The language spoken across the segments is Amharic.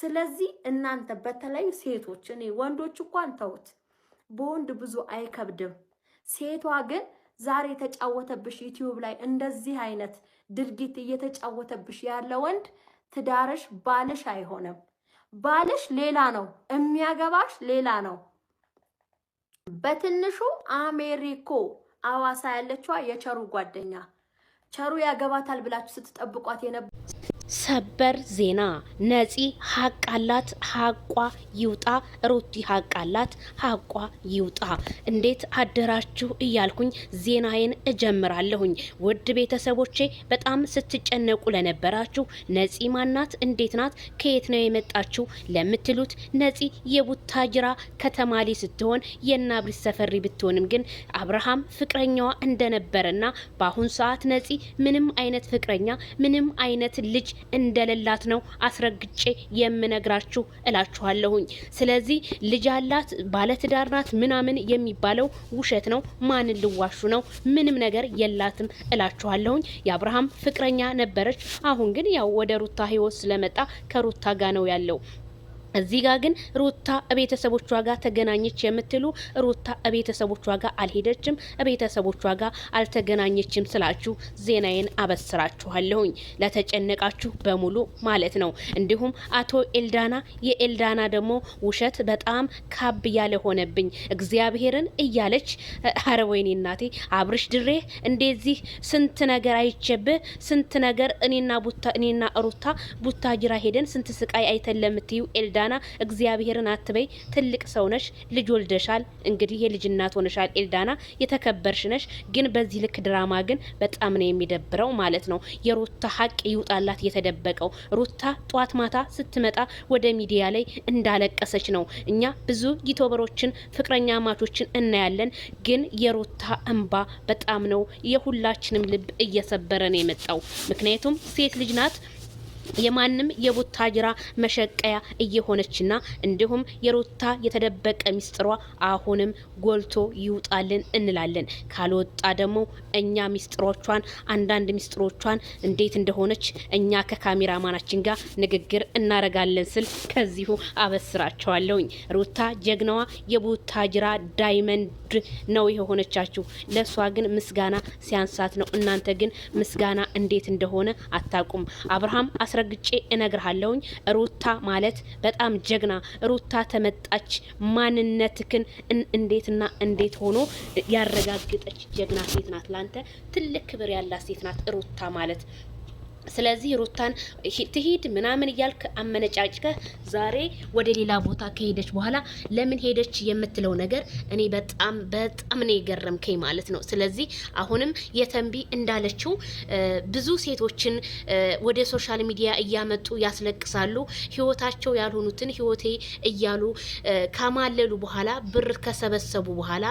ስለዚህ እናንተ በተለይ ሴቶች፣ እኔ ወንዶች እንኳን ተውት፣ በወንድ ብዙ አይከብድም። ሴቷ ግን ዛሬ የተጫወተብሽ ዩቲዩብ ላይ እንደዚህ አይነት ድርጊት እየተጫወተብሽ ያለ ወንድ ትዳርሽ ባልሽ አይሆንም። ባልሽ ሌላ ነው፣ የሚያገባሽ ሌላ ነው። በትንሹ አሜሪኮ አዋሳ ያለችዋ የቸሩ ጓደኛ ቸሩ ያገባታል ብላችሁ ስትጠብቋት የነበር ሰበር ዜና ነፂ ሀቅ አላት፣ ሀቋ ይውጣ። ሩቲ ሀቅ አላት፣ ሀቋ ይውጣ። እንዴት አደራችሁ እያልኩኝ ዜናዬን እጀምራለሁኝ። ውድ ቤተሰቦቼ በጣም ስትጨነቁ ለነበራችሁ ነፂ ማናት? እንዴት ናት? ከየት ነው የመጣችሁ ለምትሉት ነፂ የቡታጅራ ከተማ ላይ ስትሆን የናብሪ ሰፈሪ ብትሆንም ግን አብርሃም ፍቅረኛዋ እንደነበረና በአሁን ሰዓት ነፂ ምንም አይነት ፍቅረኛ ምንም አይነት ልጅ እንደሌላት ነው አስረግጬ የምነግራችሁ እላችኋለሁኝ። ስለዚህ ልጅ አላት ባለትዳር ናት ምናምን የሚባለው ውሸት ነው። ማንን ልዋሹ ነው? ምንም ነገር የላትም እላችኋለሁኝ። የአብርሃም ፍቅረኛ ነበረች። አሁን ግን ያው ወደ ሩታ ህይወት ስለመጣ ከሩታ ጋ ነው ያለው። እዚህ ጋር ግን ሩታ ቤተሰቦቿ ጋር ተገናኘች የምትሉ ሩታ ቤተሰቦቿ ጋር አልሄደችም፣ ቤተሰቦቿ ጋር አልተገናኘችም ስላችሁ ዜናዬን አበስራችኋለሁኝ ለተጨነቃችሁ በሙሉ ማለት ነው። እንዲሁም አቶ ኤልዳና የኤልዳና ደግሞ ውሸት በጣም ካብ ያለ ሆነብኝ እግዚአብሔርን እያለች ኧረ ወይኔ እናቴ አብርሽ ድሬ እንደዚህ ስንት ነገር አይቼብህ ስንት ነገር እኔና ቡታ እኔና ሩታ ቡታጅራ ሄደን ስንት ስቃይ አይተን ለምትዩ ኤልዳ ኤልዳና እግዚአብሔርን አትበይ፣ ትልቅ ሰው ነሽ፣ ልጅ ወልደሻል፣ እንግዲህ የልጅ እናት ሆነሻል። ኤልዳና የተከበርሽ ነሽ። ግን በዚህ ልክ ድራማ ግን በጣም ነው የሚደብረው ማለት ነው። የሩታ ሀቅ ይውጣላት የተደበቀው። ሩታ ጧት ማታ ስትመጣ ወደ ሚዲያ ላይ እንዳለቀሰች ነው። እኛ ብዙ ዩቱበሮችን ፍቅረኛ ማቾችን እናያለን፣ ግን የሩታ እንባ በጣም ነው የሁላችንም ልብ እየሰበረ ነው የመጣው። ምክንያቱም ሴት ልጅ ናት። የማንም የቡታጅራ መሸቀያ እየሆነችና እንዲሁም የሩታ የተደበቀ ሚስጥሯ አሁንም ጎልቶ ይውጣልን እንላለን። ካልወጣ ደግሞ እኛ ሚስጥሮቿን አንዳንድ ሚስጥሮቿን እንዴት እንደሆነች እኛ ከካሜራማናችን ጋር ንግግር እናረጋለን ስል ከዚሁ አበስራቸዋለሁኝ። ሩታ ጀግናዋ የቡታጅራ ዳይመንድ ነው የሆነቻችሁ። ለእሷ ግን ምስጋና ሲያንሳት ነው። እናንተ ግን ምስጋና እንዴት እንደሆነ አታውቁም። አብርሃም አስረግጬ እነግርሃለሁኝ። ሩታ ማለት በጣም ጀግና ሩታ ተመጣች ማንነትክን እንዴትና እንዴት ሆኖ ያረጋግጠች ጀግና ሴት ናት። ላንተ ትልቅ ክብር ያላት ሴት ናት ሩታ ማለት ስለዚህ ሩታን ትሂድ ምናምን እያልክ አመነጫጭከ ዛሬ ወደ ሌላ ቦታ ከሄደች በኋላ ለምን ሄደች የምትለው ነገር እኔ በጣም በጣም ነው የገረምከኝ ማለት ነው። ስለዚህ አሁንም የተንቢ እንዳለችው ብዙ ሴቶችን ወደ ሶሻል ሚዲያ እያመጡ ያስለቅሳሉ። ህይወታቸው ያልሆኑትን ህይወቴ እያሉ ከማለሉ በኋላ ብር ከሰበሰቡ በኋላ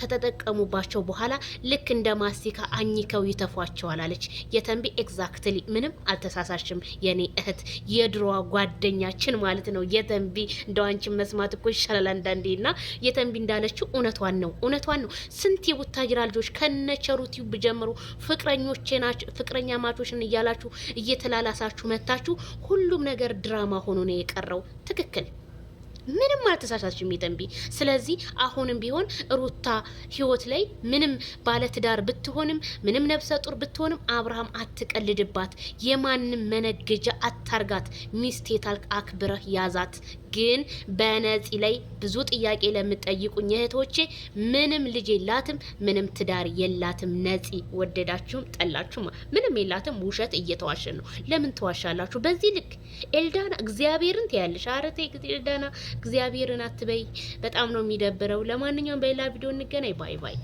ከተጠቀሙባቸው በኋላ ልክ እንደ ማስቲካ አኝከው ይተፏቸዋል አለች የተንቢ ኤግዛክት ስትል ምንም አልተሳሳሽም የኔ እህት የድሮዋ ጓደኛችን ማለት ነው። የተንቢ እንደዋንችን መስማት እኮ ይሻላል አንዳንዴ። እና የተንቢ እንዳለችው እውነቷን ነው፣ እውነቷን ነው። ስንት የቡታጅራ ልጆች ከነቸሩት ብጀምሩ ፍቅረኞቼ ናቸው ፍቅረኛ ማቾችን እያላችሁ እየተላላሳችሁ መታችሁ። ሁሉም ነገር ድራማ ሆኖ ነው የቀረው። ትክክል ምንም አልተሳሳችም የጠንቢ። ስለዚህ አሁንም ቢሆን ሩታ ህይወት ላይ ምንም ባለትዳር ብትሆንም ምንም ነፍሰ ጡር ብትሆንም አብርሃም አትቀልድባት፣ የማንም መነገጃ አታርጋት። ሚስት የታልክ አክብረህ ያዛት። ግን በነፂ ላይ ብዙ ጥያቄ ለምጠይቁኝ እህቶቼ ምንም ልጅ የላትም፣ ምንም ትዳር የላትም። ነፂ ወደዳችሁም ጠላችሁ ምንም የላትም። ውሸት እየተዋሸ ነው። ለምን ተዋሻላችሁ በዚህ ልክ? ኤልዳና እግዚአብሔርን ትያለሽ። አረቴ ኤልዳና እግዚአብሔርን አትበይ። በጣም ነው የሚደብረው። ለማንኛውም በሌላ ቪዲዮ እንገናኝ። ባይ ባይ።